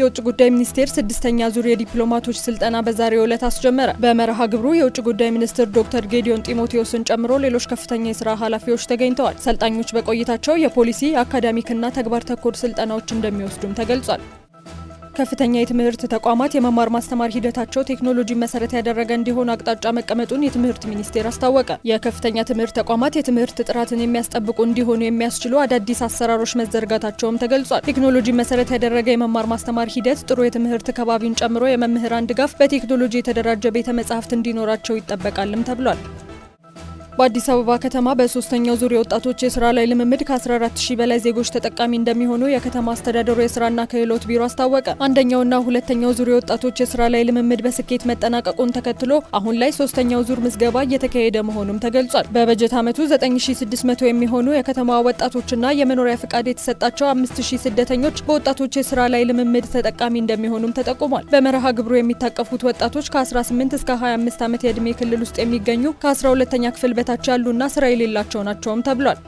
የውጭ ጉዳይ ሚኒስቴር ስድስተኛ ዙር የዲፕሎማቶች ስልጠና በዛሬው ዕለት አስጀመረ። በመርሃ ግብሩ የውጭ ጉዳይ ሚኒስትር ዶክተር ጌዲዮን ጢሞቴዎስን ጨምሮ ሌሎች ከፍተኛ የስራ ኃላፊዎች ተገኝተዋል። ሰልጣኞች በቆይታቸው የፖሊሲ አካዳሚክና ተግባር ተኮር ስልጠናዎች እንደሚወስዱም ተገልጿል። ከፍተኛ የትምህርት ተቋማት የመማር ማስተማር ሂደታቸው ቴክኖሎጂ መሰረት ያደረገ እንዲሆን አቅጣጫ መቀመጡን የትምህርት ሚኒስቴር አስታወቀ። የከፍተኛ ትምህርት ተቋማት የትምህርት ጥራትን የሚያስጠብቁ እንዲሆኑ የሚያስችሉ አዳዲስ አሰራሮች መዘርጋታቸውም ተገልጿል። ቴክኖሎጂ መሰረት ያደረገ የመማር ማስተማር ሂደት ጥሩ የትምህርት ከባቢን ጨምሮ የመምህራን ድጋፍ በቴክኖሎጂ የተደራጀ ቤተ መጻሕፍት እንዲኖራቸው ይጠበቃልም ተብሏል። በአዲስ አበባ ከተማ በሶስተኛው ዙር የወጣቶች የስራ ላይ ልምምድ ከ14 በላይ ዜጎች ተጠቃሚ እንደሚሆኑ የከተማ አስተዳደሩ የስራና ክህሎት ቢሮ አስታወቀ። አንደኛውና ሁለተኛው ዙር የወጣቶች የስራ ላይ ልምምድ በስኬት መጠናቀቁን ተከትሎ አሁን ላይ ሶስተኛው ዙር ምዝገባ እየተካሄደ መሆኑም ተገልጿል። በበጀት ዓመቱ 9600 የሚሆኑ የከተማ ወጣቶችና የመኖሪያ ፍቃድ የተሰጣቸው 5000 ስደተኞች በወጣቶች የስራ ላይ ልምምድ ተጠቃሚ እንደሚሆኑም ተጠቁሟል። በመርሃ ግብሩ የሚታቀፉት ወጣቶች ከ18 እስከ 25 ዓመት የዕድሜ ክልል ውስጥ የሚገኙ ከ12ኛ ክፍል ከታች ያሉና ስራ የሌላቸው ናቸውም ተብሏል።